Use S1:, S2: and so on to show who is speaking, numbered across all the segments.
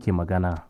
S1: ke magana.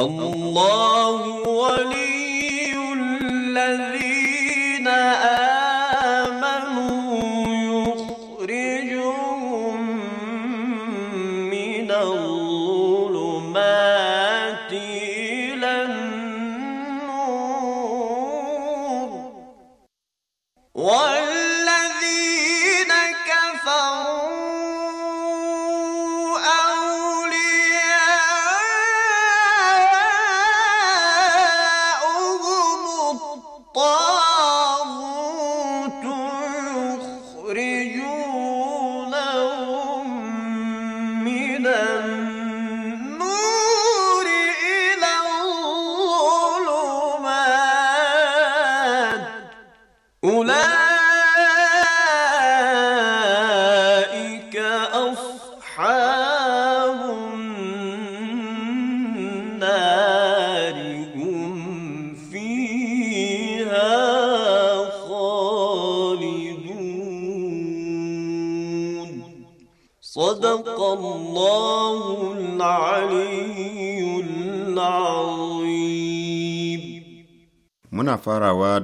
S2: الله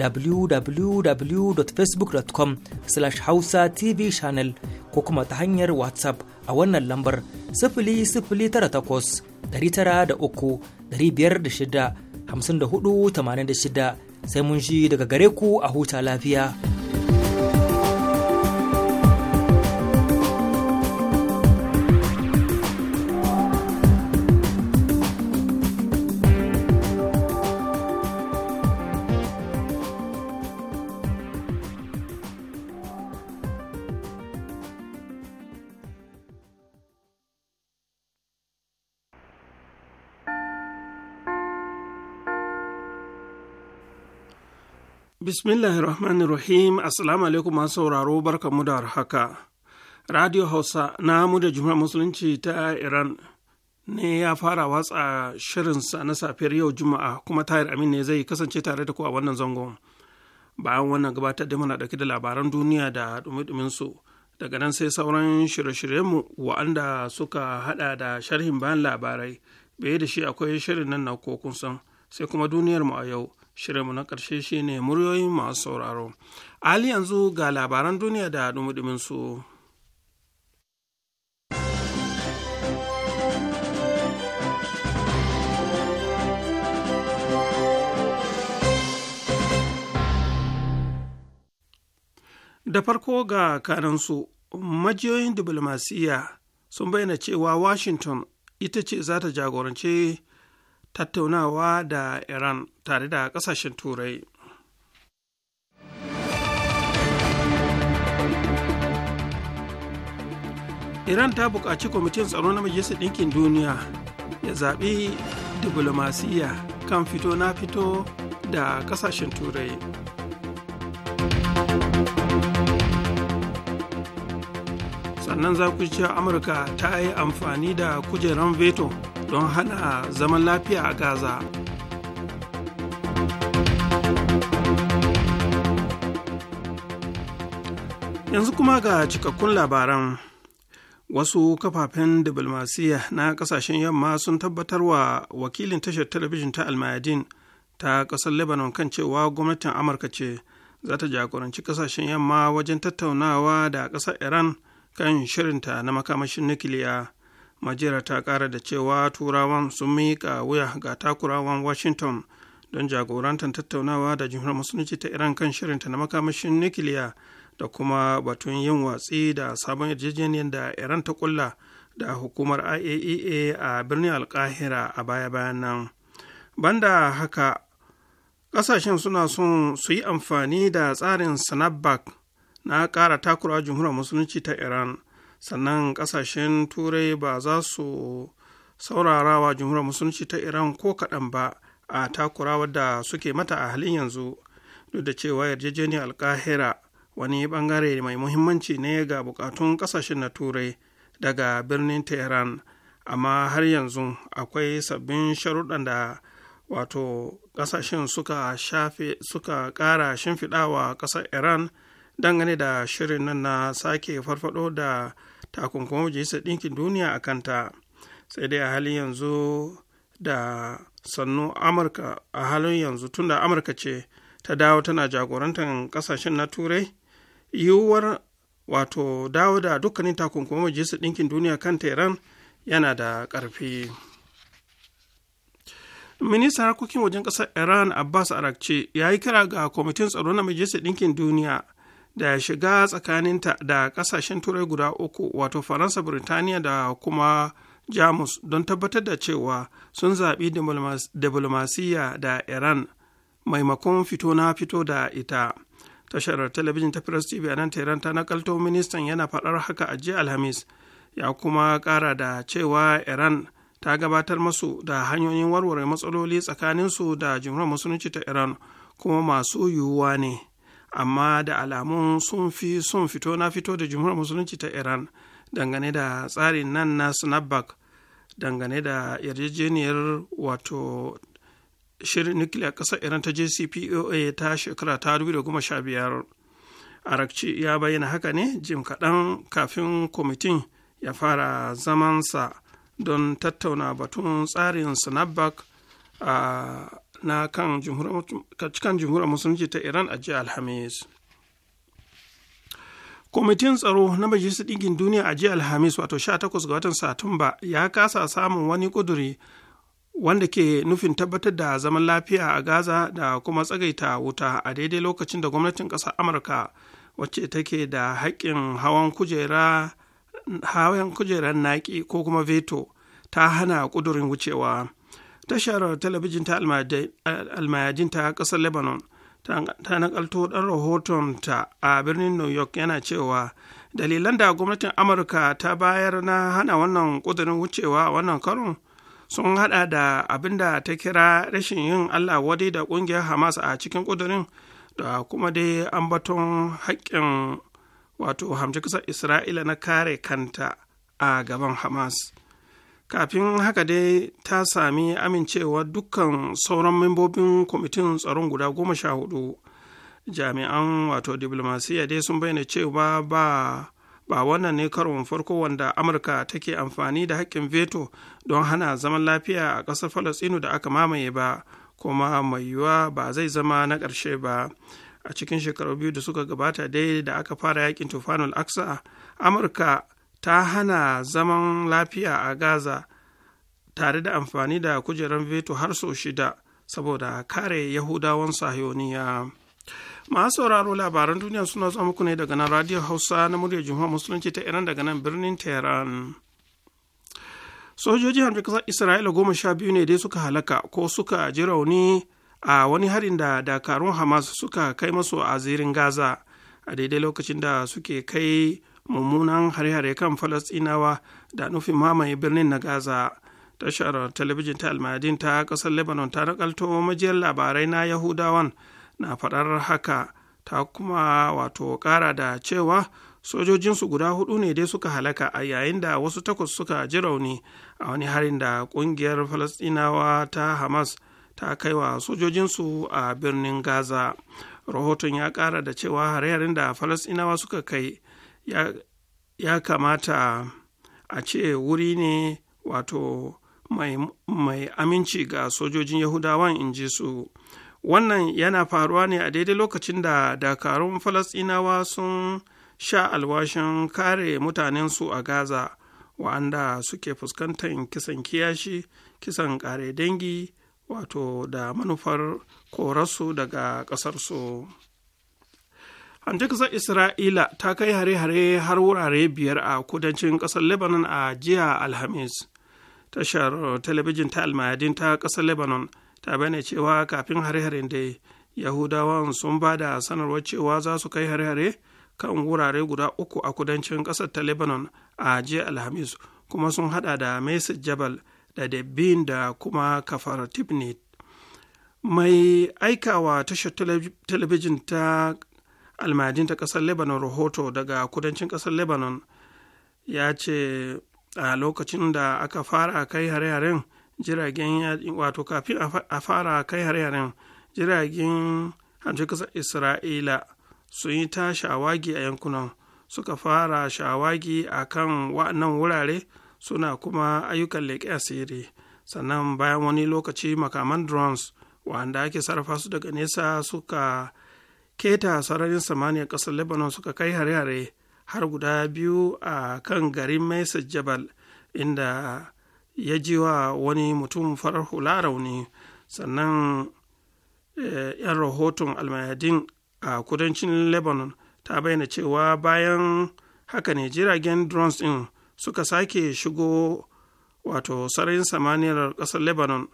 S3: www.facebook.com slash hausa tv channel ko kuma ta hanyar whatsapp a wannan lambar sifili sifili tara takwas ɗari tara da uku biyar da shida hamsin da shida sai mun shi daga gare ku a huta lafiya.
S4: Bismillahir Rahmanir Rahim, Assalamu alaikum masu sauraro barkamu da haka. Radio Hausa na mu da Jumhuriyar Musulunci ta Iran ne ya fara watsa shirinsa na safiyar yau Juma'a kuma Tahir Amin ne zai kasance tare da ku a wannan zangon. Bayan wannan gabatar da muna dauke da labaran duniya da dumi su daga nan sai sauran shirye-shiryenmu wa'anda suka hada da sharhin bayan labarai. Bai da shi akwai shirin nan na kokun san sai kuma duniyarmu a yau. shirinmu na ƙarshe shine muryoyin masu sauraro hali yanzu ga labaran duniya da dumudumin su da farko ga karansu majiyoyin diplomasiyya sun bayyana cewa washington ita ce za ta jagorance tattaunawa da iran tare da ƙasashen turai iran ta buƙaci kwamitin tsaro na majalisar ɗinkin duniya ya zaɓi diplomasiyya kan fito na fito da ƙasashen turai sannan za ku cewa amurka ta yi amfani da kujeran veto don hana zaman lafiya a gaza yanzu kuma ga cikakkun labaran wasu kafafen diplomasiyya na kasashen yamma sun tabbatar wa wakilin tashar talabijin ta almayadin ta ƙasar lebanon kan cewa gwamnatin amurka ce za ta jagoranci kasashen yamma wajen tattaunawa da ƙasar iran kan shirinta na makamashin nukiliya majera ta kara da cewa turawan sun miƙa wuya ga takurawan washington don jagorantar tattaunawa da jimhuriyar musulunci ta iran kan shirinta na makamashin nukiliya da kuma batun yin watsi da sabon yarjejeniyar da iran ta kulla da hukumar iaea e a birnin alkahira a baya-bayan nan banda haka kasashen suna son su yi amfani da tsarin snapback na kara takura jumhuriyar musulunci ta iran sannan kasashen turai ba za su saurarawa jumhuriyar musulunci ta iran ko kaɗan ba a takurawa da suke mata a halin yanzu duk da cewa yarjejeniyar alkahira wani bangare mai muhimmanci ne ga bukatun kasashen na turai daga birnin tehran amma har yanzu akwai sabbin sharuɗan da wato kasashen suka shafe suka ƙara shimfiɗawa ƙasar iran dangane da shirin nan na sake farfado da takunkumin majalisa ɗinkin duniya a kanta sai dai a halin yanzu da sannu amurka a halin yanzu tunda amurka ce ta dawo tana jagorantar kasashen na turai yiwuwar wato dawo da dukkanin takunkuma majalisa ɗinkin duniya kan tehran yana da ƙarfi ministan harkokin wajen ƙasar iran abbas arakci ya yi kira ga kwamitin tsaro na majalisar ɗinkin duniya da shiga tsakaninta da kasashen turai guda uku wato faransa birtaniya da kuma jamus don tabbatar da cewa sun zaɓi diplomasiyya da iran maimakon fito na fito da ita tashar talabijin ta press tv a nan tehran ta nakalto ministan yana faɗar haka a jiya alhamis ya kuma ƙara da cewa iran ta gabatar masu da hanyoyin warware matsaloli tsakaninsu da jimhuriyar musulunci ta iran kuma masu yiwuwa ne amma da alamun sun fi sun fito na fito da jumhuriyar musulunci ta iran dangane da tsarin nan na snapback dangane da yarjejeniyar wato shirin nukiliya ƙasar iran ta jcpoa ta shekara ta 2015 arakci ya bayyana haka ne jim kaɗan kafin kwamitin ya fara zamansa don tattauna batun tsarin snapback a na kan jamhuriyar musulunci ta iran a jiya alhamis kwamitin tsaro na majalisar ɗinkin duniya a jiya alhamis wato 18 ga watan satumba ya kasa samun wani ƙuduri wanda ke nufin tabbatar da zaman lafiya a gaza da kuma tsagaita wuta a daidai lokacin da gwamnatin ƙasar amurka wacce take da haƙƙin hawan kujera hawan kujerar naƙi ko kuma veto ta hana ƙudurin wucewa tashar talabijin ta almayadin ta kasar lebanon ta nakalto ɗan rahoton ta a birnin new york yana cewa dalilan da gwamnatin amurka ta bayar na hana wannan kudurin wucewa wannan karon sun hada da abin da ta kira rashin yin allah wadai da ƙungiyar hamas a cikin ƙudurin da kuma dai ambaton haƙƙin wato hamci ƙasar isra'ila na kare kanta a gaban hamas kafin haka dai ta sami amincewa dukkan sauran membobin kwamitin tsaron guda goma sha hudu jami'an wato diplomasiya dai sun bayyana cewa ba ba wannan ne karon farko wanda amurka take amfani da haƙƙin veto don hana zaman lafiya a ƙasar falastinu da aka mamaye ba kuma mai yiwuwa ba zai zama na ƙarshe ba a cikin shekaru biyu da suka gabata dai da aka fara yakin tufanul aksa amurka ta hana zaman lafiya a gaza tare da amfani da kujerar veto har sau shida saboda kare yahudawan sahiyoniya masu sauraro labaran duniya suna zuwa muku ne daga nan radio hausa na muryar jumhuriyar musulunci ta iran daga nan birnin tehran sojoji harbin kasar isra'ila goma sha biyu ne dai suka halaka ko suka ji rauni a wani harin da dakarun hamas suka kai masu a zirin gaza a daidai lokacin da suke kai mummunan hare-hare kan falasɗinawa da nufin mamaye birnin na gaza tashar talabijin ta almadin ta ƙasar lebanon ta nakalto majiyar labarai na yahudawan na faɗar haka ta kuma wato ƙara da cewa sojojinsu guda hudu ne dai suka halaka a yayin da wasu takwas suka ji rauni a wani harin da ƙungiyar falasɗinawa ta hamas ta kai wa sojojinsu a birnin gaza rahoton ya ƙara da cewa hare-haren da falasɗinawa suka kai ya, kamata a ce wuri ne wato mai, aminci ga sojojin yahudawan in ji su wannan yana faruwa ne a daidai lokacin da dakarun falasɗinawa sun sha alwashin kare mutanensu a gaza wa'anda suke fuskantar kisan kiyashi kisan kare dangi wato da manufar korarsu daga ƙasarsu. an ƙasar isra'ila ta kai hare-hare har wurare biyar a kudancin ƙasar lebanon a jiya alhamis tashar talabijin ta almayadin ta ƙasar lebanon ta bane cewa kafin hare-haren da yahudawan sun ba da sanarwar cewa za su kai hare-hare kan wurare guda uku a kudancin ƙasar ta lebanon a jiya alhamis kuma sun hada da mesir jabal da dabbin da kuma kafar tibnit mai aikawa tashar talabijin ta almajin ta kasar lebanon rahoto daga kudancin kasar lebanon ya ce a lokacin da aka fara kai hare-haren jiragen wato kafin a fara kai hare-haren jiragen hancin kasar isra'ila sun yi ta shawagi a yankunan suka fara shawagi a kan wa'annan wurare suna kuma ayyukan leƙe asiri sannan bayan wani lokaci makaman drones wanda ake sarrafa su daga nesa suka keta sararin samaniya ƙasar lebanon suka kai hare-hare har guda biyu a kan garin mesa jabal inda ya ji wa wani mutum farar hula rauni sannan eh, 'yan rahoton almayadin a kudancin lebanon ta bayyana cewa bayan haka ne jiragen drones din suka sake shigo wato sararin samaniyar ƙasar lebanon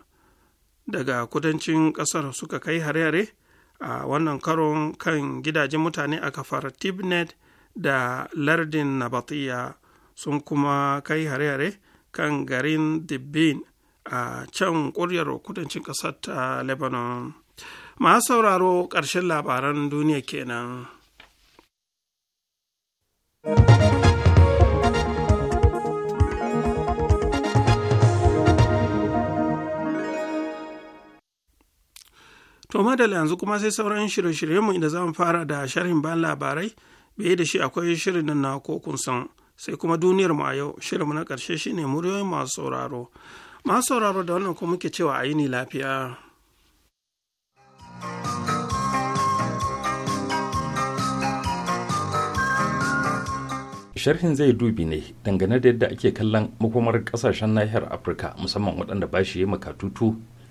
S4: daga kudancin ƙasar suka kai hare-hare a wannan karon kan gidajen mutane a kafar tibnet da lardin nabatiya sun kuma kai hare-hare kan garin dibbin a can kuryar kudancin ƙasar ta lebanon masu sauraro ƙarshen labaran duniya kenan. To madala yanzu kuma sai sauran shirye-shiryenmu inda za fara da sharhin ban labarai, bai da shi akwai shirin nan na kokun san sai kuma duniyar mu a yau shirinmu na ƙarshe shine muryoyin masu sauraro. Masu sauraro da wannan kuma muke cewa a yi ni lafiya.
S5: sharhin zai dubi ne dangane da yadda ake kallon makomar kasashen nahiyar afirka musamman waɗanda ba shi yi makatutu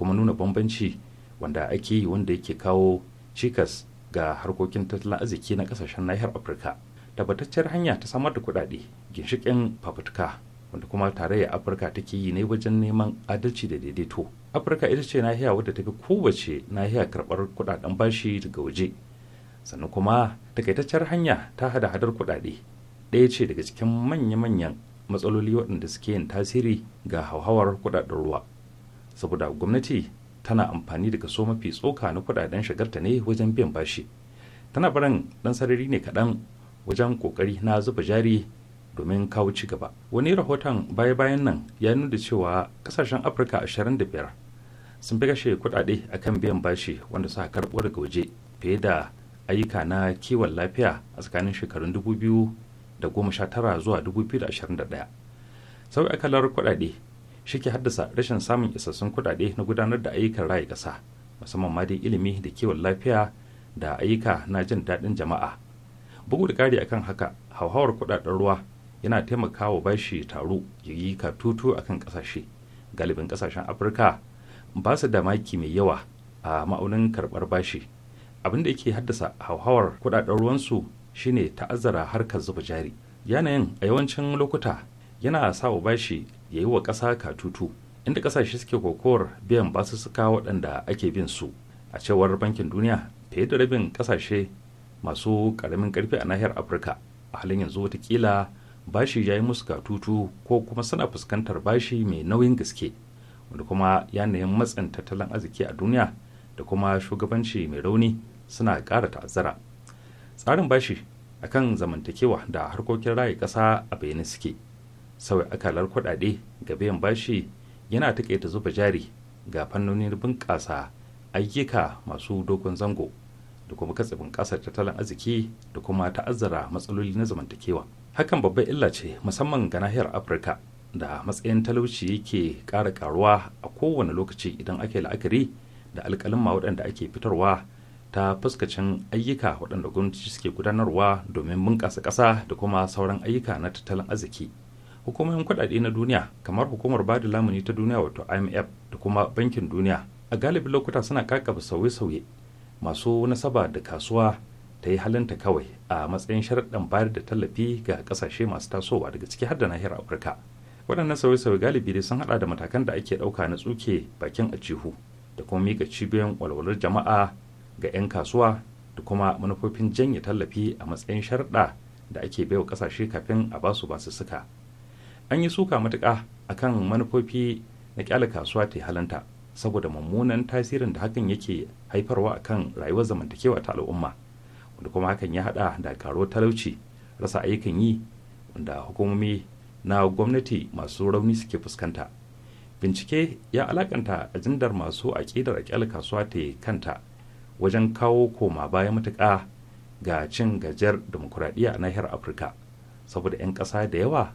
S5: kuma nuna bambanci wanda ake yi wanda yake kawo cikas ga harkokin tattalin arziki na kasashen nahiyar afirka tabbatacciyar hanya ta samar da kuɗaɗe ginshiƙin fafutuka wanda kuma tarayyar afirka take yi ne wajen neman adalci da daidaito afirka ita ce nahiya wadda ta fi kowace nahiya karɓar kuɗaɗen bashi daga waje sannan kuma takaitacciyar hanya ta hada hadar kuɗaɗe ɗaya ce daga cikin manya-manyan matsaloli waɗanda suke yin tasiri ga hauhawar kuɗaɗen ruwa saboda gwamnati tana amfani da kaso mafi tsoka na kudaden shigarta ne wajen biyan bashi tana barin dan sarari ne kaɗan wajen kokari na zuba jari domin kawo ci gaba wani rahoton baya-bayan nan ya nuna cewa kasashen afirka 25 sun fi kashe kudade akan biyan bashi wanda suka karɓo daga waje fiye da ayyuka na kiwon lafiya a tsakanin shekarun 2019 zuwa 2021 sau akalar kudade shi ke haddasa rashin samun isassun kuɗaɗe na gudanar da ayyukan raya ƙasa musamman ma dai ilimi da kiwon lafiya da ayyuka na jin daɗin jama'a bugu da ƙari akan haka hauhawar kuɗaɗen ruwa yana taimakawa bashi taro ya yi katutu akan ƙasashe galibin ƙasashen afirka ba su da maki mai yawa a ma'aunin karɓar bashi abin da yake haddasa hauhawar kuɗaɗen ruwansu shine ta'azzara harkar zuba jari yanayin a yawancin lokuta yana sa bashi ya yi wa ƙasa katutu inda ƙasashe suke kokowar biyan basussuka waɗanda ake bin su a cewar bankin duniya fiye da rabin ƙasashe masu ƙaramin ƙarfi a nahiyar afirka a halin yanzu watakila bashi ya yi musu katutu ko kuma suna fuskantar bashi mai nauyin gaske wanda kuma yanayin matsin tattalin arziki a duniya da kuma shugabanci mai rauni suna ƙara ta'azzara tsarin bashi akan zamantakewa da harkokin raye ƙasa a bayyane suke sauya akalar kuɗaɗe ga biyan bashi yana taƙaita zuba jari ga fannonin bunƙasa ayyuka masu dogon zango da kuma katsibin ƙasar tattalin arziki da kuma ta'azzara matsaloli na zamantakewa hakan babbar illa ce musamman ga nahiyar afirka da matsayin talauci yake ƙara ƙaruwa a kowane lokaci idan ake la'akari da alƙalimma waɗanda ake fitarwa ta fuskacin ayyuka waɗanda gwamnati suke gudanarwa domin bunƙasa ƙasa da kuma sauran ayyuka na tattalin arziki hukumomin kudade na duniya kamar hukumar bada lamuni ta duniya wato imf da kuma bankin duniya a galibi lokuta suna kakaba sauye-sauye masu nasaba da kasuwa ta yi halinta kawai a matsayin sharaɗin bayar da tallafi ga ƙasashe masu tasowa daga ciki har da nahiyar afirka waɗannan sauye-sauye galibi dai sun haɗa da matakan da ake ɗauka na tsuke bakin a cihu da kuma mika cibiyoyin walwalar jama'a ga 'yan kasuwa da kuma manufofin janye tallafi a matsayin sharaɗa da ake baiwa ƙasashe kafin a basu basussuka. suka an yi suka matuƙa kan manufofi na kyale kasuwa ta halanta saboda mummunan tasirin da hakan yake haifarwa a kan rayuwar zamantakewa ta al'umma wanda kuma hakan ya haɗa da karo talauci rasa ayyukan yi wanda hukumomi na gwamnati masu rauni suke fuskanta bincike ya alakanta ajindar masu aƙidar kyale kasuwa ta kanta wajen kawo koma baya matuƙa ga cin gajiyar demokuraɗiyya a nahiyar afirka saboda 'yan ƙasa da yawa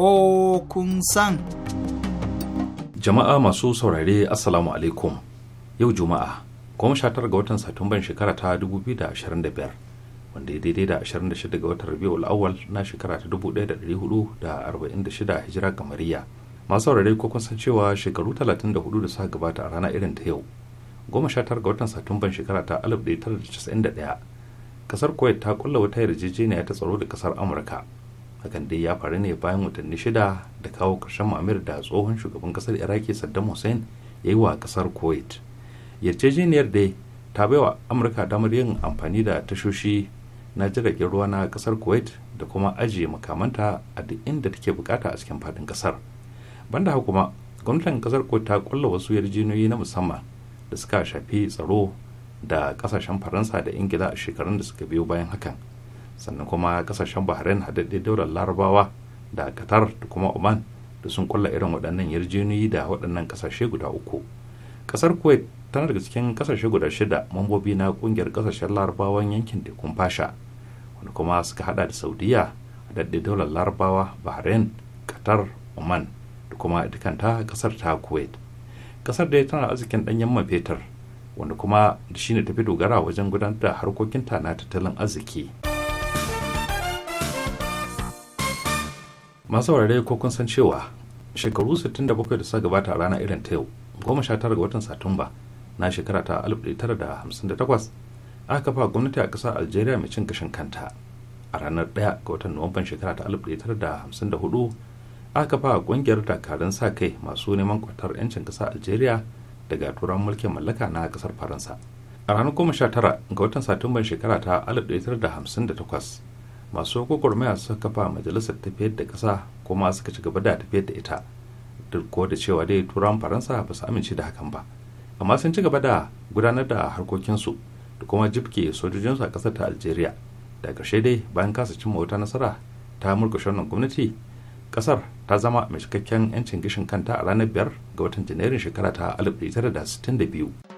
S6: ko kun san.
S5: Jama'a masu saurare Assalamu alaikum yau Juma'a goma sha tara ga watan Satumban shekara ta 2025 wanda ya daidai da 26 ga watan Rabiul Awwal na shekara ta 1446 hijira kamariya. Masu saurare ko kun san cewa shekaru 34 da suka gabata a rana irin ta yau goma sha tara ga watan Satumban shekara ta 1991 kasar Kuwait ta kulla wata yarjejeniya ta tsaro da kasar Amurka hakan dai ya faru ne bayan watanni shida da kawo ƙarshen mamir da tsohon shugaban ƙasar iraki saddam hussein ya yi wa ƙasar kuwait yarjejeniyar dai ta baiwa amurka damar yin amfani da tashoshi na jiragen ruwa na ƙasar kuwait da kuma ajiye makamanta a duk inda take bukata a cikin faɗin ƙasar banda haka kuma gwamnatin ƙasar kuwait ta kulla wasu yarjejeniyoyi na musamman da suka shafi tsaro da ƙasashen faransa da ingila a shekarun da suka biyo bayan hakan sannan kuma kasashen bahrain haɗaɗɗe daular larabawa da qatar da kuma oman da sun kulla irin waɗannan yarjejeniyoyi da waɗannan kasashe guda uku ƙasar kuwait tana daga cikin kasashe guda shida mambobi na kungiyar kasashen larabawan yankin tekun fasha wanda kuma suka hada da saudiya haɗaɗɗe daular larabawa bahrain qatar oman da kuma dukanta kasar ta kuwait kasar dai tana arzikin ɗanyen mafetar fetur wanda kuma da shine tafi dogara wajen gudanar da harkokinta na tattalin arziki. masu saurari ko kun san cewa shekaru 67 da suka gabata a rana irin ta yau 19 ga watan satumba na shekara ta 1958 aka kafa gwamnati a ƙasar algeria mai cin gashin kanta a ranar 1 ga watan nuwamban shekara ta 1954 aka kafa ƙungiyar dakarun sa kai masu neman kwatar 'yancin ƙasar algeria daga turan mulkin mallaka na ƙasar faransa a ranar 19 ga watan satumban shekara ta 1958 masu gwagwarmaya suka kafa majalisar tafiyar da kasa kuma suka ci gaba da tafiyar da ita duk ko da cewa dai turan faransa ba su amince da hakan ba amma sun ci gaba da gudanar da harkokinsu da kuma jibke sojojinsu a kasar ta algeria da ƙarshe dai bayan kasa cimma wata nasara ta murkushe wannan gwamnati ƙasar ta zama mai cikakken 'yancin gishin kanta a ranar 5 ga watan janairun shekara ta 1962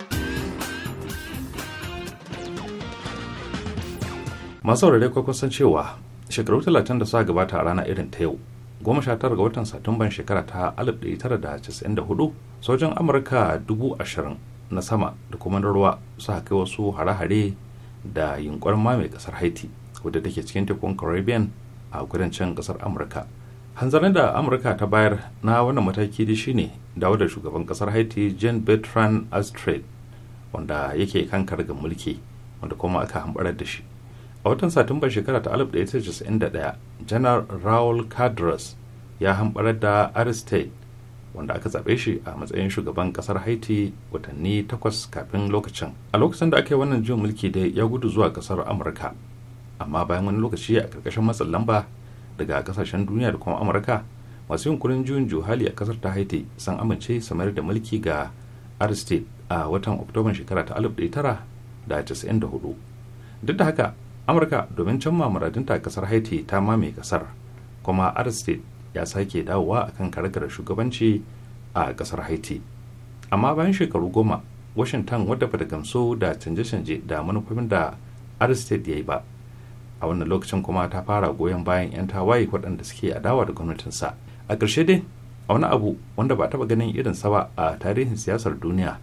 S5: masu aure ko kun san cewa shekaru talatin da suka gabata a rana irin ta yau goma sha tara ga watan satumban shekara ta 1994 sojan amurka dubu ashirin na sama da kuma na ruwa suka kai wasu hare-hare da yunkurin mai kasar haiti wadda take cikin tekun caribbean a kudancin kasar amurka hanzarin da amurka ta bayar na wannan mataki da shine dawo da shugaban kasar haiti jean bertrand astrid wanda yake kan kargan mulki wanda kuma aka hambarar da shi a watan satumbar shekara ta 1991 janar raul cadres ya hambarar da aristide wanda aka zaɓe shi a matsayin shugaban ƙasar haiti watanni takwas kafin lokacin a lokacin da aka yi wannan jin mulki dai ya gudu zuwa ƙasar amurka amma bayan wani lokaci a ƙarƙashin matsin lamba daga ƙasashen duniya da kuma amurka masu yunkurin juyin juhali a ƙasar ta haiti sun amince su mayar da mulki ga aristide a watan oktoban shekara ta 1994 duk da haka amurka domin cimma muradinta a kasar haiti ta mame kasar kuma arstate ya sake dawowa a akan karkar shugabanci a kasar haiti amma bayan shekaru goma washington wadda bata gamsu da canje-canje da manufofin da arstate ya yi ba a wannan lokacin kuma ta fara goyon bayan 'yan tawaye waɗanda suke dawa da gwamnatinsa a ƙarshe dai a wani abu wanda ba taɓa ganin irin sa ba a tarihin siyasar duniya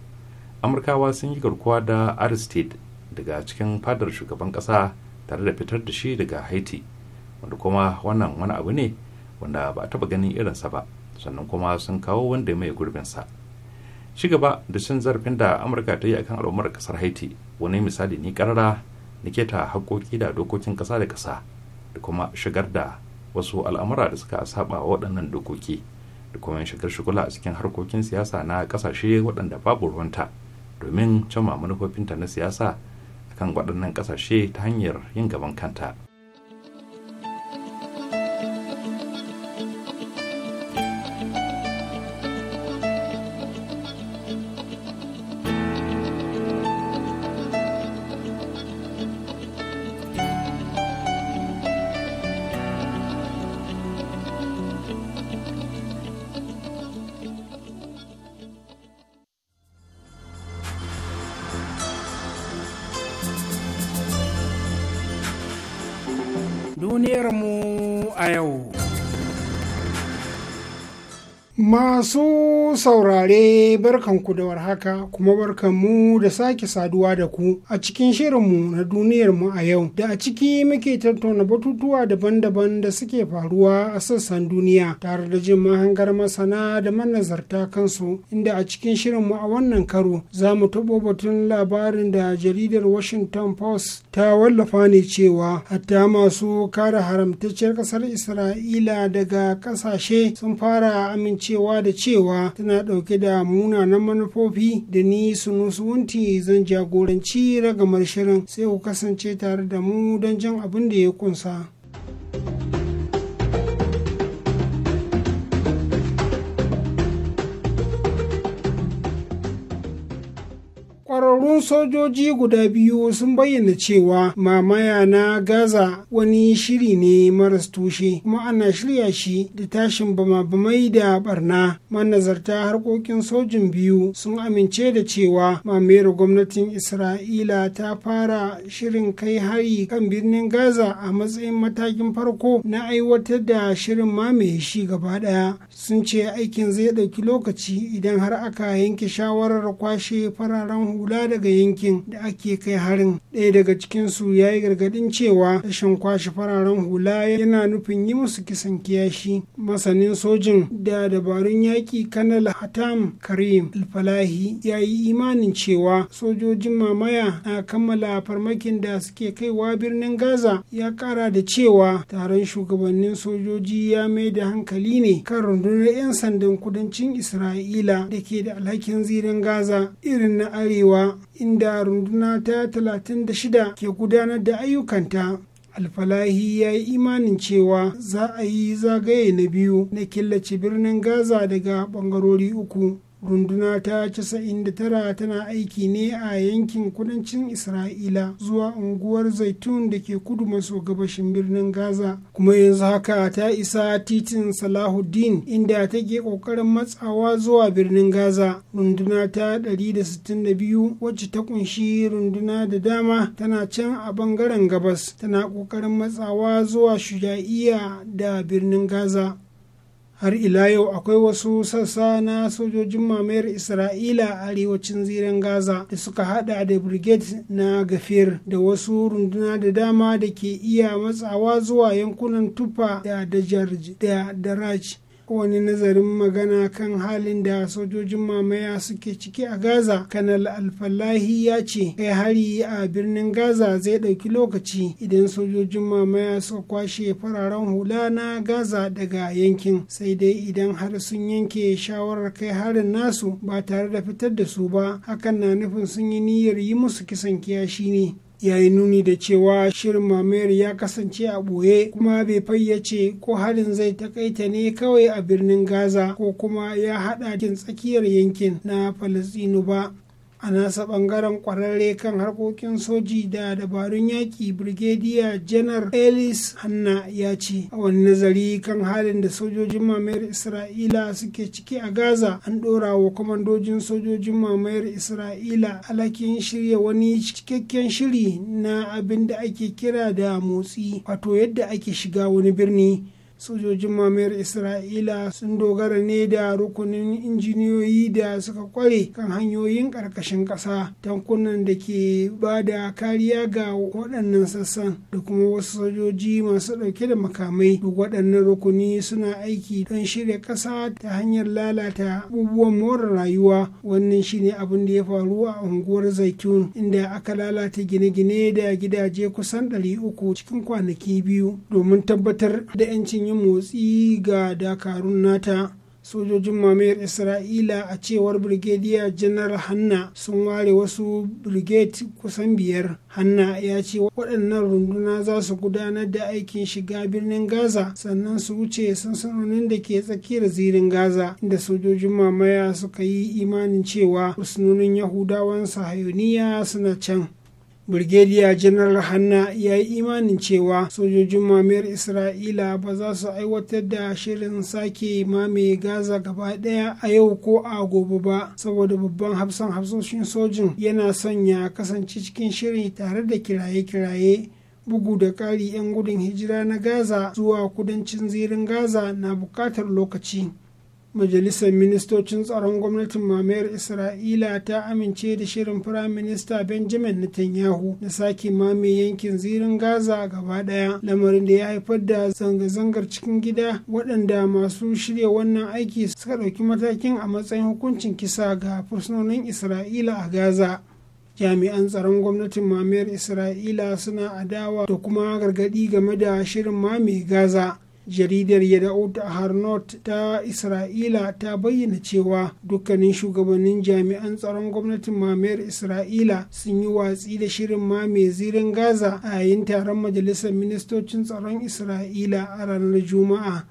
S5: amurkawa sun yi garkuwa da arstate daga cikin fadar shugaban ƙasa tare da fitar da shi daga haiti wanda kuma wannan wani abu ne wanda ba a taba ganin irinsa ba sannan kuma sun kawo wanda mai sa shi gaba da cin zarafin da amurka ta yi akan al'ummar kasar haiti wani misali ni karara da ta haƙoƙi da dokokin ƙasa da ƙasa da kuma shigar da wasu al'amura da suka saba waɗannan dokoki da kuma shigar shigula a cikin harkokin siyasa na ƙasashe waɗanda babu ruwanta domin cimma manufofinta na siyasa kan waɗannan ƙasashe ta hanyar yin gaban kanta
S1: duniyarmu
S7: a yau.
S8: Masu saurare barkanku da warhaka kuma barkanmu da sake saduwa da ku a cikin shirinmu na duniyarmu a yau da a ciki muke tattauna batutuwa daban-daban da suke faruwa a sassan duniya tare da jin mahangar masana da manazarta kansu inda a cikin shirinmu a wannan karo za mu taɓo batun labarin da jaridar Washington Post ta wallafa ne cewa hatta masu kare haramtacciyar ƙasar Isra'ila daga ƙasashe sun fara amince amincewa da cewa tana ɗauke da munanan manufofi da ni sunusuwunti zan jagoranci ragamar shirin sai ku kasance tare da mu don jan abin da ya kunsa. kwararrun sojoji guda biyu sun bayyana cewa mamaya na gaza wani shiri ne maras tushe kuma ana shirya shi da tashin bama-bamai da barna manazarta harkokin sojin biyu sun amince da cewa mamayar gwamnatin isra'ila ta fara shirin kai hari kan birnin gaza a matsayin matakin farko na aiwatar da shirin mamaye shi gaba daya sun ce aikin zai ɗauki lokaci idan har aka yanke shawarar kwashe fararen hula kula daga yankin da ake kai harin ɗaya daga cikinsu ya yi gargaɗin cewa rashin kwashe fararen hula yana nufin yi musu kisan kiyashi masanin sojin da dabarun yaƙi kanal hatam karim alfalahi ya yi imanin cewa sojojin mamaya na kammala farmakin da suke kaiwa birnin gaza ya ƙara da cewa taron shugabannin sojoji ya mai da hankali ne kan rundunar 'yan sandan kudancin isra'ila da ke da alhakin zirin gaza irin na arewa ba inda runduna ta 36 ke gudanar da ayyukanta alfalahi ya yi imanin cewa za a yi zagaye na biyu na killace birnin gaza daga bangarori uku runduna ta tara tana aiki ne a yankin kudancin isra'ila zuwa unguwar zaitun da ke kudu maso gabashin birnin gaza kuma yanzu haka ta isa titin salahuddin inda ta take kokarin matsawa zuwa birnin gaza runduna ta 162 wacce ta kunshi runduna da dama tana can a bangaren gabas tana kokarin matsawa zuwa shuja'iya da birnin gaza har ila yau akwai wasu sassa na sojojin mamayar isra'ila a arewacin ziren gaza da suka hada da brigade na gafir da wasu runduna da dama da ke iya matsawa zuwa yankunan tufa da dajar da daraj wani nazarin magana kan halin da sojojin mamaya suke ciki a gaza kanal alfalahi ya ce kai hari a birnin gaza zai ɗauki lokaci idan sojojin mamaya suka kwashe fararen hula na gaza daga yankin sai dai idan har sun yanke shawarar kai harin nasu ba tare da fitar da su ba hakan na nufin sun yi niyyar yi musu kisan kiyashi ne ya nuni da cewa shirin mamayar ya kasance a ɓoye kuma bai fayyace ko harin zai takaita ne kawai a birnin gaza ko kuma ya haɗa kin tsakiyar yankin na falasɗinu ba a nasa bangaren kwararre kan harkokin soji da dabarun yaki brigadier janar ellis hanna ya ce a wani nazari kan halin da sojojin mamayar isra'ila suke ciki a gaza an ɗorawa wa kwamandojin sojojin mamayar isra'ila alakin shirya wani cikakken shiri na abin da ake kira da motsi wato yadda ake shiga wani birni sojojin mamayar isra'ila sun dogara ne da rukunin injiniyoyi da suka kware kan hanyoyin ƙarƙashin ƙasa tankunan da ke ba da kariya ga waɗannan sassan da kuma wasu sojoji masu ɗauke da makamai duk waɗannan rukuni suna aiki don shirya ƙasa ta hanyar lalata abubuwan more rayuwa wannan shine abin da ya faru a unguwar zaitun inda aka lalata gine-gine da gidaje kusan ɗari uku cikin kwanaki biyu domin tabbatar da 'yancin yi motsi ga dakarun nata sojojin mamayar isra'ila a cewar Birgediya janar hanna sun ware wasu brigade kusan biyar hanna ya ce waɗannan runduna za su gudanar da aikin shiga birnin gaza sannan su wuce sansanonin da ke tsakiyar zirin gaza inda sojojin mamaya suka yi imanin cewa fursunonin yahudawan sahayoniya suna can Brigadier janar Hanna ya yi imanin cewa sojojin mamayar Isra'ila ba za su aiwatar da shirin sake mame Gaza gaba ɗaya a yau ko a gobe ba saboda babban hafsan hafsoshin sojin yana sanya kasance cikin shiri tare da kiraye-kiraye bugu da ƙari 'yan gudun hijira na Gaza zuwa kudancin zirin Gaza na buƙatar lokaci. majalisar ministocin tsaron gwamnatin mamayar isra'ila ta amince da shirin firaminista benjamin netanyahu na sake mame yankin zirin gaza gaba daya lamarin da ya haifar da zanga-zangar cikin gida waɗanda masu shirya wannan aiki suka ɗauki matakin a matsayin hukuncin kisa ga fursunonin isra'ila a gaza jami'an tsaron gwamnatin mamayar isra'ila suna adawa da kuma gargaɗi game da shirin mame gaza jaridar a harnot ta isra'ila ta bayyana cewa dukkanin shugabannin jami'an tsaron gwamnatin mamayar isra'ila sun yi watsi da shirin mame zirin gaza a yayin taron majalisar ministocin tsaron isra'ila a ranar juma'a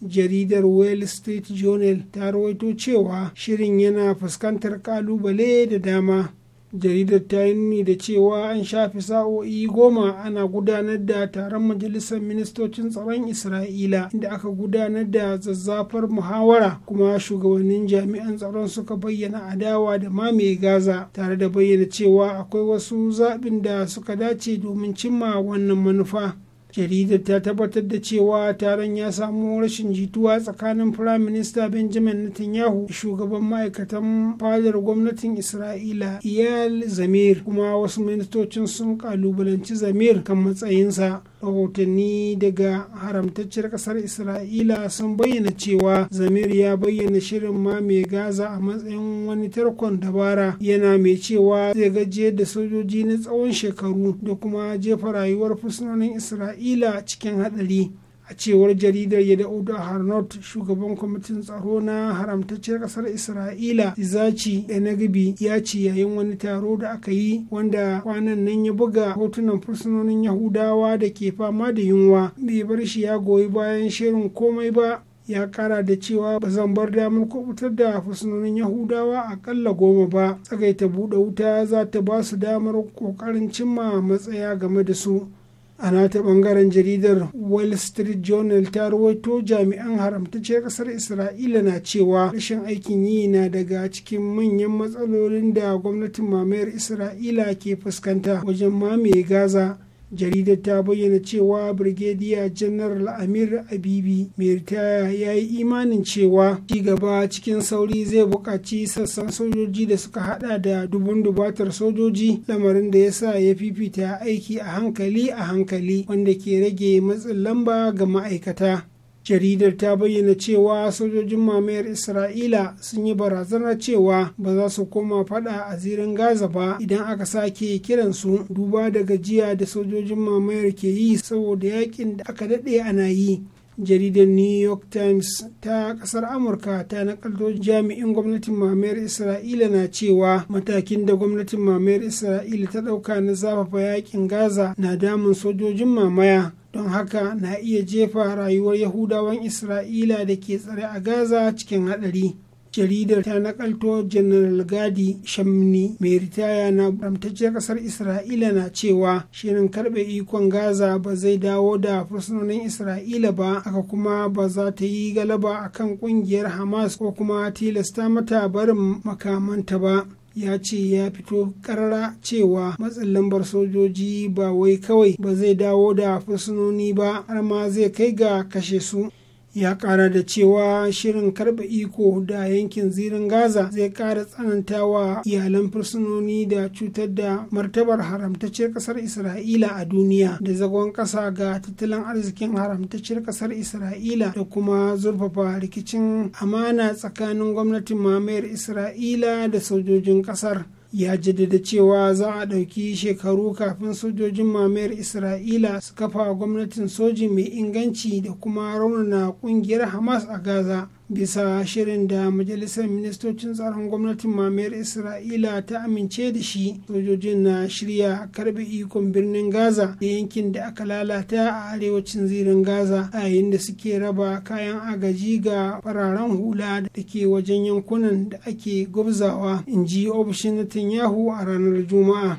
S8: jaridar well street journal ta rawaito cewa shirin yana fuskantar kalubale da dama jaridar ta yi nuni da cewa an shafi sa'o'i goma ana gudanar da taron majalisar ministocin tsaron isra'ila inda aka gudanar da zazzafar muhawara kuma shugabannin jami'an tsaron suka bayyana adawa da mamaye gaza tare da bayyana cewa akwai wasu zaɓin da suka dace domin cimma wannan manufa jaridar ta tabbatar da cewa taron ya samu rashin jituwa tsakanin firaminista benjamin netanyahu shugaban ma'aikatan fadar gwamnatin isra'ila iyal zamir kuma wasu ministocin sun kalubalanci zamir kan matsayinsa rahotanni daga haramtacciyar kasar isra'ila sun bayyana cewa zamir ya bayyana shirin ma mai gaza a matsayin wani tarkon dabara yana mai cewa zai gajiyar da sojoji na tsawon shekaru da kuma jefa rayuwar fursunonin isra'ila cikin haɗari a cewar jaridar yada'udu harnot shugaban kwamitin tsaro na haramtacciyar kasar isra'ila izaci Nagabi ya ce yayin wani taro da aka yi wanda kwanan nan ya buga hotunan fursunonin yahudawa da ke fama da yunwa bai bar shi ya goyi bayan shirin komai ba ya kara da cewa ba zan bar damar kubutar da fursunonin yahudawa akalla goma ba tsagaita buɗe wuta za ta ba su damar kokarin cimma matsaya game da su a nata bangaren jaridar wall street journal ta rawaito jami'an haramtacciyar kasar isra'ila na cewa rashin aikin yi na daga cikin manyan matsalolin da gwamnatin mamayar isra'ila ke fuskanta wajen mamaye gaza jaridar ta bayyana cewa brigadier general amir abibi mai ritaya ya yi imanin cewa ci gaba cikin sauri zai buƙaci sassan sojoji da suka hada da dubun dubatar sojoji lamarin da ya sa ya fifita aiki a hankali a hankali wanda ke rage matsin lamba ga ma'aikata jaridar ta bayyana cewa sojojin mamayar isra'ila sun yi barazana cewa ba za su koma fada a zirin gaza ba idan aka sake kiransu duba da gajiya da sojojin mamayar ke yi saboda yakin da aka daɗe ana yi jaridar new york times ta ƙasar amurka ta nakalto jami'in gwamnatin mamayar isra'ila na cewa matakin da gwamnatin mamayar isra'ila ta ɗauka na zafafa yakin gaza na damun sojojin mamaya don haka na iya jefa rayuwar yahudawan isra'ila da ke tsare a gaza cikin haɗari jaridar ta nakalto general gadi shamni mai ritaya na ramtacciyar kasar isra'ila na cewa shirin karbe ikon gaza ba zai dawo da fursunonin isra'ila ba aka kuma ba za ta yi galaba akan kungiyar hamas ko kuma tilasta mata barin makamanta ba ya ce ya fito karara cewa matsin lambar sojoji ba wai kawai ba zai dawo da fursunoni ba har ma zai kai ga kashe su ya kara da cewa shirin karba iko da yankin zirin gaza zai kara tsananta wa iyalan fursunoni da cutar da martabar haramtacciyar kasar isra'ila a duniya da zagon kasa ga tattalin arzikin haramtacciyar kasar isra'ila da kuma zurfafa rikicin amana tsakanin gwamnatin mamayar isra'ila da sojojin kasar ya jaddada cewa za a ɗauki shekaru kafin sojojin mamayar isra'ila su kafa gwamnatin soji mai inganci da kuma raunana ƙungiyar hamas a gaza bisa shirin da majalisar ministocin tsaron gwamnatin mamayar isra'ila ta amince da shi sojojin na shirya karbe ikon birnin gaza da yankin da aka lalata a arewacin zirin gaza a yayin da suke raba kayan agaji ga fararen hula da ke wajen yankunan da ake gwabzawa in ji ofishin netanyahu a ranar juma'a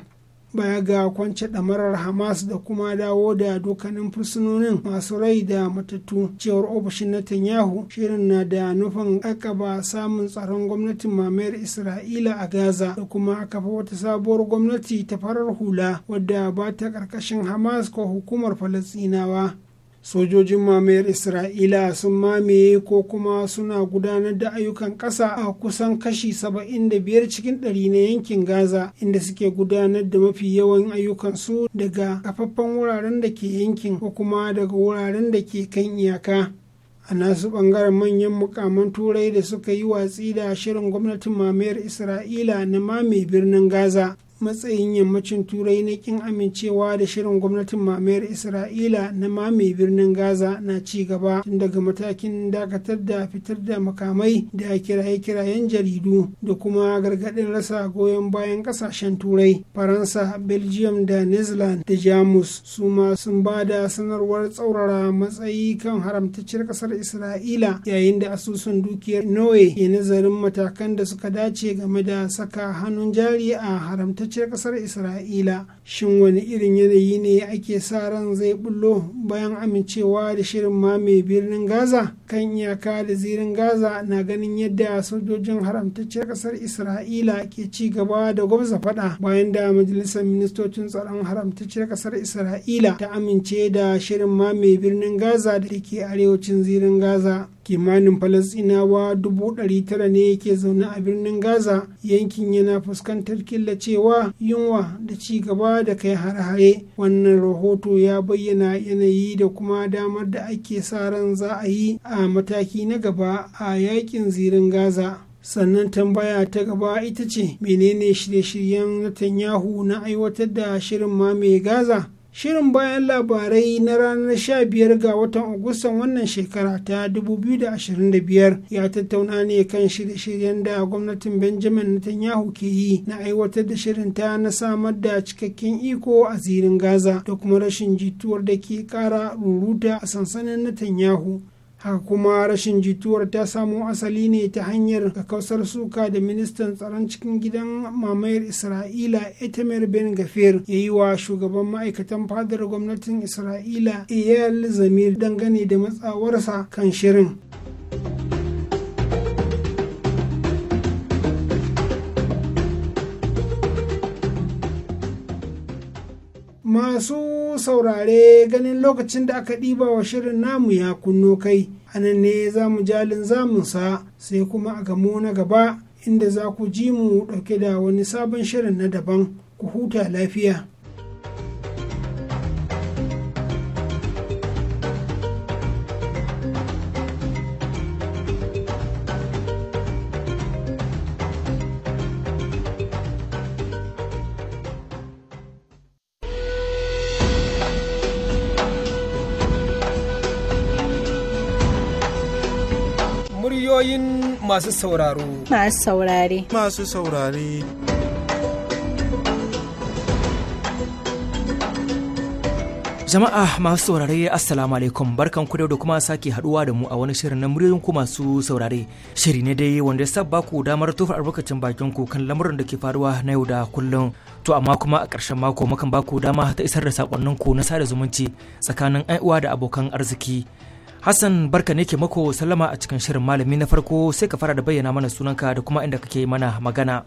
S8: baya ga kwance ɗamarar hamas da kuma dawo da dukkanin fursunonin masu rai da matattu cewar ofishin netanyahu shirin na da nufin ba samun tsaron gwamnatin mamayar isra'ila a gaza da kuma fi wata sabuwar gwamnati ta farar hula wadda ba ta ƙarƙashin hamas ko hukumar falasɗinawa sojojin mamayar isra'ila sun mamaye ko kuma suna gudanar da ayyukan ƙasa a kusan kashi 75 cikin ɗari na yankin gaza inda suke gudanar da mafi yawan ayyukan su daga kafaffen wuraren da ke yankin ko kuma daga wuraren da ke kan iyaka a nasu bangaren manyan mukaman turai da suka yi watsi da shirin gwamnatin mamayar isra'ila na mame birnin gaza matsayin yammacin turai na kin amincewa da shirin gwamnatin mamayar isra'ila na mamaye birnin gaza na ci gaba tun daga matakin dakatar da fitar da makamai da kiraye-kirayen jaridu da kuma gargaɗin rasa goyon bayan ƙasashen turai faransa belgium da netherlands da jamus su ma sun ba da sanarwar tsaurara matsayi kan haramtacciyar ƙasar isra'ila yayin da asusun dukiyar norway ke nazarin matakan da suka dace game da saka hannun jari a haramta ce kasar isra'ila shin wani irin yanayi ne ake sa ran zai bullo bayan amincewa da shirin mame birnin gaza kan iyaka da zirin gaza na ganin yadda sojojin haramtacciyar kasar isra'ila ke ci gaba da gwamza faɗa bayan da majalisar ministocin tsaron haramtacciyar kasar isra'ila ta amince da shirin mame birnin gaza da ke arewacin zirin gaza kimanin falasinawa 900 ne yake zaune a birnin gaza yankin yana fuskantar killacewa yunwa da ci gaba da kai har-hare wannan rahoto ya bayyana yanayi da kuma damar da ake sa ran za a yi a mataki na gaba a yakin zirin gaza sannan tambaya ta gaba ita ce menene shirye-shiryen Netanyahu na aiwatar da shirin mame Gaza Shirin bayan labarai na ranar biyar ga watan Agustan wannan shekara ta 2025 ya tattauna ne kan shirye-shiryen da gwamnatin Benjamin Netanyahu ke yi na aiwatar da shirin ta na samar da cikakken iko a zirin Gaza da kuma rashin jituwar da ke kara ruruta a sansanin Netanyahu. haka kuma rashin jituwar ta samo asali ne ta hanyar kakausar suka da ministan tsaron cikin gidan mamayar isra'ila etamir ben gafir ya yi wa shugaban ma'aikatan fadar gwamnatin isra'ila eyal zamir dangane da matsawarsa kan shirin masu ku saurare ganin lokacin da aka ɗiba wa shirin namu ya kunno kai anan ne za mu jalin zamunsa sai kuma a gamo na gaba inda za ku ji mu ɗauke da wani sabon shirin na daban ku huta lafiya Muryoyin masu sauraro. Masu saurare. Masu
S3: saurare. Jama'a masu saurare Assalamu alaikum barkan ku da kuma sake haduwa da mu a wani shirin na muryoyin ku masu saurare. Shiri ne dai wanda ya sabba ku damar tofa albarkacin bakin ku kan lamurin da ke faruwa na yau da kullum. To amma kuma a ƙarshen mako mukan baku dama ta isar da sakonnin ku na sada zumunci tsakanin ai'uwa da abokan arziki. Hassan barka ne ke mako sallama a cikin shirin malami na farko sai ka fara da bayyana mana sunanka da kuma inda kake mana magana.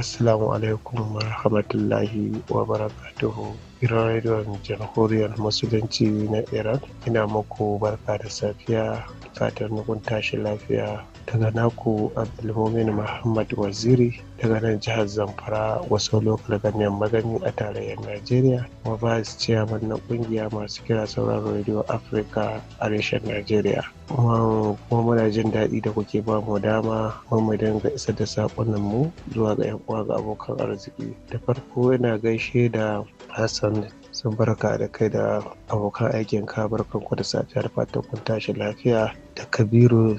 S7: Assalamu alaikum wa rahmatullahi wa barakatuhu. Iran rediyon Jamhuriyar Musulunci na Iran. Ina muku barka da safiya, fatan nukun tashi lafiya daga naku abdulmumin muhammad waziri daga nan jihar zamfara wasu lokal ganyen magani a tarayyar najeriya kuma vice chairman na kungiya masu kira sauran radio africa a reshen najeriya kuma muna jin daɗi da kuke ba mu dama mun mu dinga isa da saƙonan mu zuwa ga yan uwa ga abokan arziki da farko ina gaishe da hassan sun barka da kai da abokan aikin ka barkan da safiyar fatan kun tashi lafiya da kabiru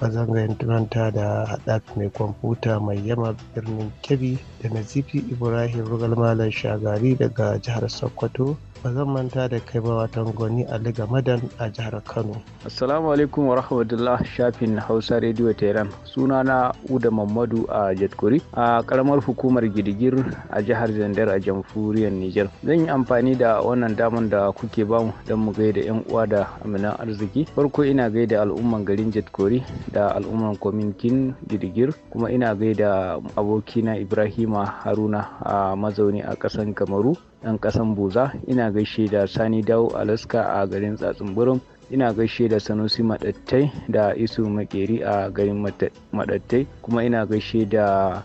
S7: bazan zangayin da haɗaf mai kwamfuta mai yama birnin kebbi da nazifi ibrahim rugal malam shagari daga jihar sokoto ba zan manta da kai ba watan gwani Ali Gamadan a jihar Kano.
S1: Assalamu alaikum wa rahmatullah shafin Hausa Radio Tehran. na Uda Mamadu a Jatkuri a karamar hukumar Gidigir a jihar Zandar a jamhuriyar Nijar. Zan yi amfani da wannan damar da kuke bamu don mu gaida yan uwa da aminan arziki. Farko ina gaida al'umman garin Jatkuri da al'umman kwaminkin Gidigir kuma ina gaida abokina Ibrahim ma Haruna a mazauni a ƙasan Kamaru ɗan ƙasan Buza ina gaishe da Sani Dawo Alaska a garin Tsatsunburum ina gaishe da sanusi madattai da isu makeri a garin madattai kuma ina gaishe da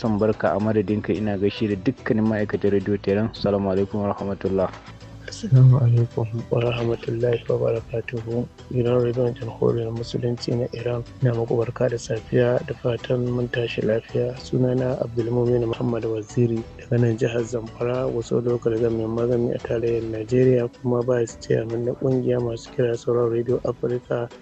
S1: Hassan Barka a madadinka ina gaishe da dukkanin ma'aikatan Radio Tehran. salamu alaikum wa rahmatullah.
S7: Assalamu alaikum wa rahmatullahi wa barakatuhu. Gidan rediyon jamhuriyar musulunci na Iran na muku barka da safiya da fatan mun tashi lafiya. Sunana Abdulmumin Muhammad Waziri daga nan jihar Zamfara wasu lokal zamin magani a tarayyar Najeriya kuma ba su ce na kungiya masu kira sauran rediyo Afirka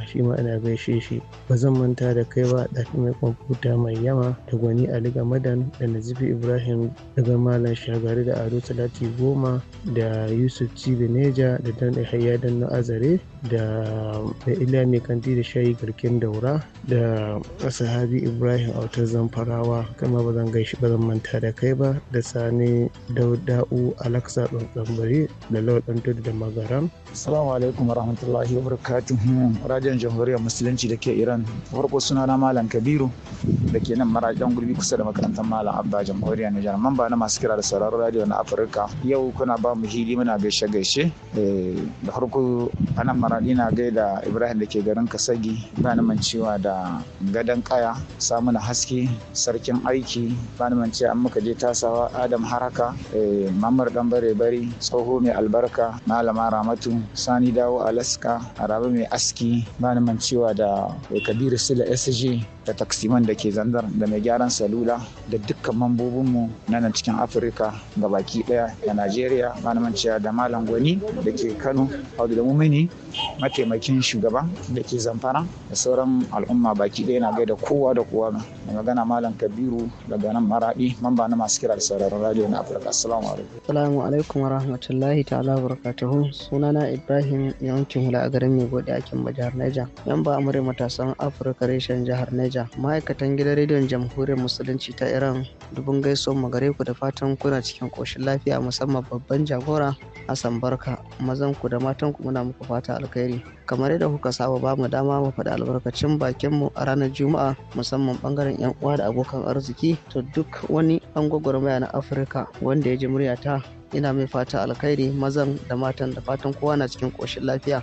S7: shi ma ina gaishe shi. Ba zan manta da kai ba ɗafi mai kwamfuta mai yama da gwani Ali Gamadan da Nazifi Ibrahim daga Malam Shagari da Ado Talati Goma da Yusuf Cibi Neja da Dan Yahaya Dan na Azare da mai iliya mai kanti da shayi garkin daura da sahabi ibrahim autar zamfarawa kama ba zan gaishe ba zan manta da kai ba da sani dauda'u alaksa tsambari da lauɗan tudu da magaram assalamu
S9: alaikum warahmatullahi wabarakatuh rajin jamhuriyar musulunci da ke iran farko suna na malam kabiru da ke nan marajan gurbi kusa da makarantar malam abba jamhuriyar nijar mamba na masu kira da sauraron radiyo na afirka yau kuna ba mu hili muna gaishe gaishe eh, da farko anan maradi na gaida ibrahim da ke garin kasagi bani mancewa da gadon kaya samuna haske sarkin aiki bani mancewa an muka je tasawa adam haraka eh, mamar dan bare bari tsoho mai albarka malama ramatu sani dawo alaska araba mai aski bani mancewa da eh, kabiru sila sg da taksiman da ke zandar da mai gyaran salula da dukkan mambobinmu na nan cikin afirka ga baki daya da najeriya bani mancewa da malam gwani da ke kano audu da mumini mataimakin Shugaba da ke zamfara da sauran al'umma baki ɗaya na gaida kowa da kowa na magana malam kabiru daga nan maraɗi mamba na masu kira da sauraron radio na afirka assalamu alaikum
S10: assalamu alaikum wa rahmatullahi ta'ala barakatuhu sunana ibrahim yawancin hula a garin mai gode akin jihar niger yamba amurai matasan afirka reshen jihar niger ma'aikatan gidan rediyon jamhuriyar musulunci ta iran dubun gaisuwan magare ku da fatan kuna cikin koshin lafiya musamman babban jagora hassan barka mazanku da matanku muna muku fata alkhairi kamar yadda kuka saba ba mu dama mu faɗi albarkacin bakinmu a ranar juma'a musamman ɓangaren yan uwa da abokan arziki to duk wani an gwagwarmaya na afirka wanda ya ji muryata ina mai fata alkhairi mazan da matan da fatan kowa na cikin koshin lafiya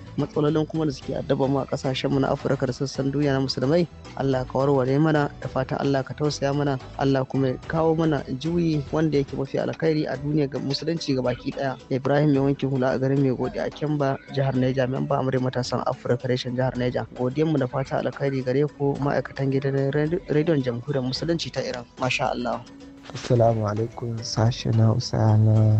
S10: matsalolin kuma da suke addaba mu a kasashen mu na Afirka da sassan duniya na musulmai Allah ka warware mana da fatan Allah ka tausaya mana Allah kuma ya kawo mana juyi wanda yake mafi alkhairi a duniya ga musulunci ga baki daya Ibrahim mai wankin hula a garin mai gode a Kemba jihar Neja memba amurai matasan Afirka reshen jihar Neja godiyar mu da fatan alkhairi gare ku ma'aikatan gidan rediyon jamhuriyar musulunci ta Iran masha Allah
S6: Assalamu alaikum sashe na usa na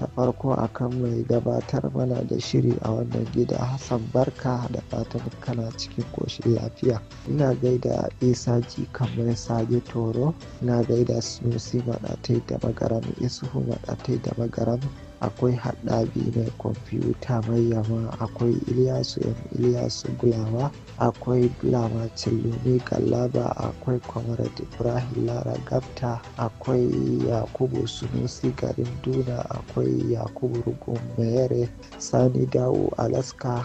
S6: ta farko akan mai gabatar mana da shiri a wannan gida Hassan Barka da fatan kana cikin koshin lafiya. Ina gaida Isa ji kamar Sage Toro, ina gaida Sunusi Maɗatai da Magaram Isuhu Maɗatai da Magaram akwai haɗabi mai kwamfuta mai yama akwai iliyasu yan iliyasu gulawa akwai bulawa tillumi galaba akwai comrade ibrahim lara gabta akwai yakubu sunusi garin duna akwai yakubu rugun mayere sani dawo alaska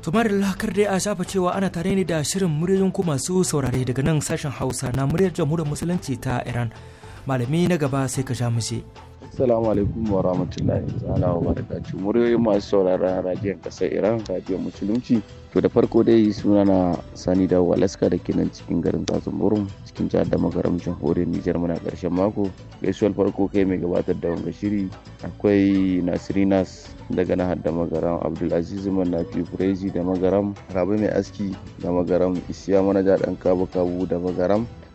S3: tumarilla kar dai a shafa cewa ana tare ne da shirin muryoyin ku masu saurare daga nan sashen hausa na muryar jamhuriyar musulunci ta iran malami na gaba sai ka sha mushe.
S11: Assalamu alaikum wa rahmatullahi wa barakatuh. Muryoyin masu sauraron radiyon kasar Iran, radiyon musulunci to da farko dai suna na sani da walaska da ke nan cikin garin tsatsun cikin jihar da magaram jamhuriyar nijar muna karshen mako gaisuwar farko kai mai gabatar da wanga shiri akwai nasirinas daga na da magaram abdulaziz mannafi kurezi da magaram Raba mai aski da magaram isiya manaja dan kabu kabu da magaram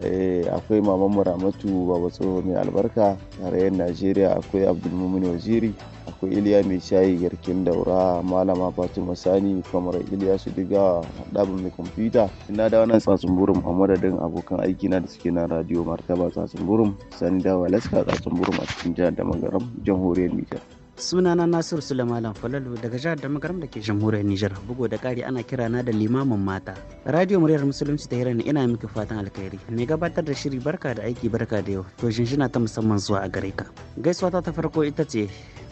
S11: Eh, akwai maman muramatu baba tsoho mai albarka tarayyar najeriya akwai abdulmumin waziri akwai iliya mai shayi garkin daura malama fatima sani kamar iliya su diga ɗabin mai kwamfuta ina da wannan tsatsun burin a madadin abokan aiki na da suke na radio martaba tsatsun burin sani walaska laska tsatsun burin a cikin jihar damagaram jamhuriyar nijar
S12: sunana nasiru sulaiman falalu daga jihar damagaram da ke jamhuriyar nijar bugu da kari ana kira na da limamin mata radio muryar musulunci ta hirar ina miki fatan alkhairi mai gabatar da shiri barka da aiki barka da yau to jinjina ta musamman zuwa a gare ka gaisuwa ta farko ita ce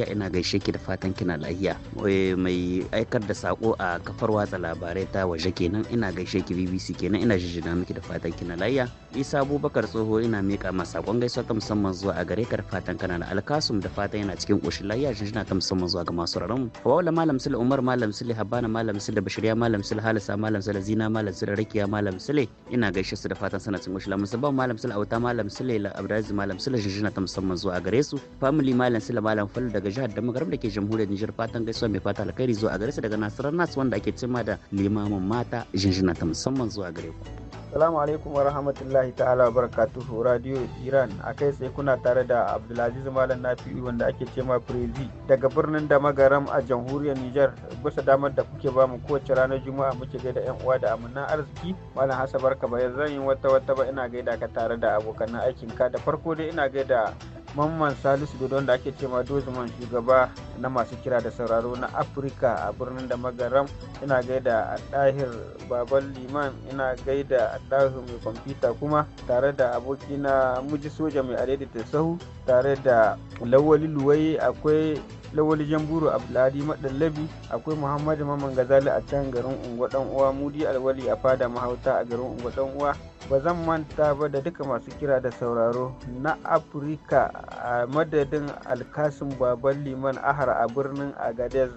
S12: lafiya ina gaishe ki da fatan kina lafiya eh, mai aikar da sako a kafar watsa labarai ta waje kenan ina gaishe ki BBC kenan ina jijjina miki da fatan kina lafiya Isa Abubakar tsoho ina mika ma sakon gaisuwa ta musamman zuwa a gare ka da fatan kana da alkasum da fatan yana cikin koshin lafiya jijjina ta musamman zuwa ga masu raron Hawala Malam Sule Umar Malam Sule Habana Malam Sule Bashiriya Malam Sule Halisa Malam Sule Zina Malam Sule Rakiya Malam Sule ina gaishe su da fatan sana cikin koshin musamman Malam Sule Auta Malam Sule Abdulaziz Malam Sule jijjina ta musamman zuwa a gare su family Malam Sule Malam Fal da daga jihar da magarab da ke jamhuriyar Nijar fatan gaisuwa mai fata alkhairi zuwa gare su daga Nasarar Nas wanda ake cima da limamin mata jinjina ta musamman zuwa gare ku.
S13: Salamu alaikum wa rahmatullahi ta'ala wa barakatuhu Radio Iran a kai sai kuna tare da Abdulaziz Malam Nafi'u wanda ake cema Prezi daga birnin da magaram a jamhuriyar Nijar bisa damar da kuke bamu kowace ranar Juma'a muke gaida yan uwa da amina arziki Malam Hassan barka ba zan yi wata wata ba ina gaida ka tare da abokan aikin ka da farko dai ina gaida mamman salisu dodon da ake cewa dozman shugaba na masu kira da sauraro na afirka a birnin da magaram ina gaida a ɗahir baban liman ina gaida a ɗahir mai kwamfuta kuma tare da abokina muji soja mai ta sahu tare da lawali luwai akwai lawali jamburu abdulhadi madallabi akwai muhammadu mamman gazali a can garin unguwa dan uwa mudi alwali a fada mahauta a garin unguwa dan uwa ba zan manta ba da duka masu kira da sauraro na afirka a madadin alkasin baban liman ahar a birnin agadez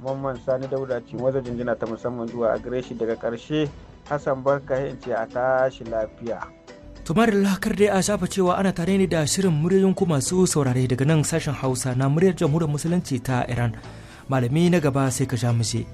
S13: mamman sani dauda ce wajen jinjina ta musamman zuwa a gare shi daga karshe hassan barka ce a tashi lafiya
S3: tumar lakar dai a shafa cewa ana tare ne da shirin muryoyin ku masu saurare daga nan sashen hausa na muryar jamhuriyar musulunci ta iran malami na gaba sai ka sha mace.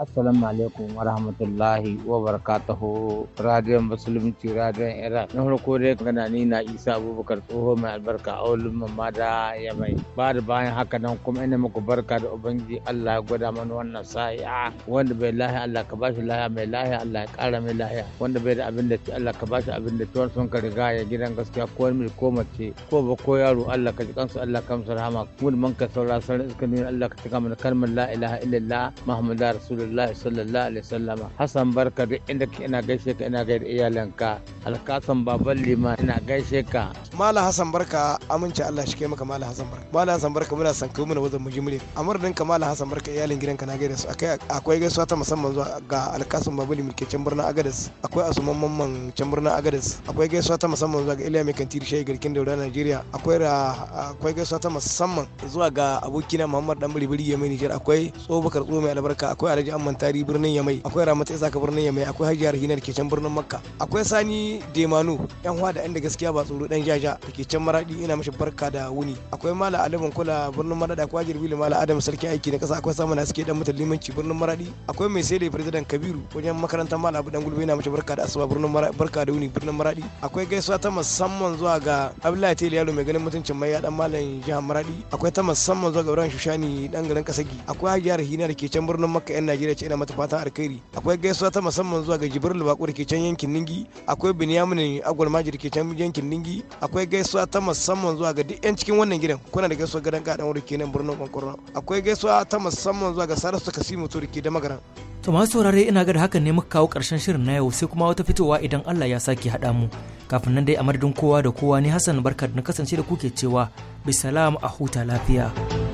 S1: assalamu alaikum wa rahmatullahi wa barakatuhu radiyon musulunci radiyon iran na farko dai gana ni na isa abubakar tsoho mai albarka a wulin mamma da ya mai ba da bayan haka nan kuma ina muku barka da ubangi allah ya gwada mana wannan sa'i'a wanda bai allah ka bashi lahiya mai lahiya allah ya kara mai lahiya wanda bai da abin da ci allah ka bashi abin da ci wani sun ka riga ya gidan gaskiya ko mai ko mace ko ba ko yaro allah ka ji kansu allah ka musu rahama man ka saura allah ka cika mana kalmar la ilaha illallah muhammadu rasulullah rasulullahi sallallahu alaihi wasallama hasan barka duk inda ka ina gaishe ka ina gaida iyalanka alkasan baban lima ina gaishe ka
S14: mala hasan barka amince Allah shi kai maka mala hasan barka mala hasan barka muna san kai muna wajen mure amur din ka mala hasan barka iyalin gidan ka na gaida su akai akwai gaisuwa ta musamman zuwa ga alkasan baban lima ke can birnin agadas akwai asuman mamman can birnin agadas akwai gaisuwa ta musamman zuwa ga iliya mai kantiri shayi garkin daura najeriya akwai akwai gaisuwa ta musamman zuwa ga abokina muhammad dan biribiri ya mai nijar akwai tsobakar tso mai albarka akwai alhaji amman tari birnin yamai akwai ramata isaka birnin yamai akwai hajiya rahinar ke can birnin makka akwai sani demanu yan hwa da yan da gaskiya ba tsoro dan jaja da ke can maradi ina mashi barka da wuni akwai mala alibin kula birnin maradi akwai hajiyar bili mala adam sarki aiki na kasa akwai samun haske dan mutan limanci birnin maradi akwai mai sai da firzidan kabiru wajen makarantar mala abu dan gulbe ina mashi barka da asuba birnin maradi barka da wuni birnin maradi akwai gaisuwa ta musamman zuwa ga abdullahi tele yalo mai ganin mutuncin mai ya dan malam jihar maradi akwai ta musamman zuwa ga ibrahim shushani dan garin kasagi akwai hajiyar hinar ke can birnin makka yan Najeriya ce ina mata fatan alkhairi akwai gaisuwa ta musamman zuwa ga Jibril bakur ke can yankin Ningi akwai Binyamin Agwal Maji da ke can yankin Ningi akwai gaisuwa ta musamman zuwa ga duk yan cikin wannan gidan kuna da gaisuwa gadan gadan wuri kenan birnin akwai gaisuwa ta musamman zuwa ga Sarasu Kasimu turki da ke da magaran
S3: To masu saurare ina ga da hakan ne muka kawo karshen shirin na yau sai kuma wata fitowa idan Allah ya saki hada mu. Kafin nan dai a madadin kowa da kowa ne Hassan barka na kasance da kuke cewa bisalamu a huta lafiya.